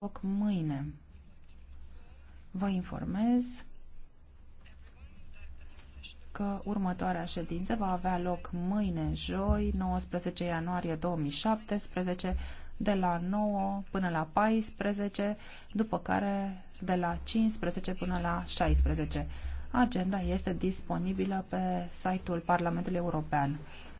loc mâine. Vă informez că următoarea ședință va avea loc mâine, joi, 19 ianuarie 2017, de la 9 până la 14, după care de la 15 până la 16. Agenda este disponibilă pe site-ul Parlamentului European.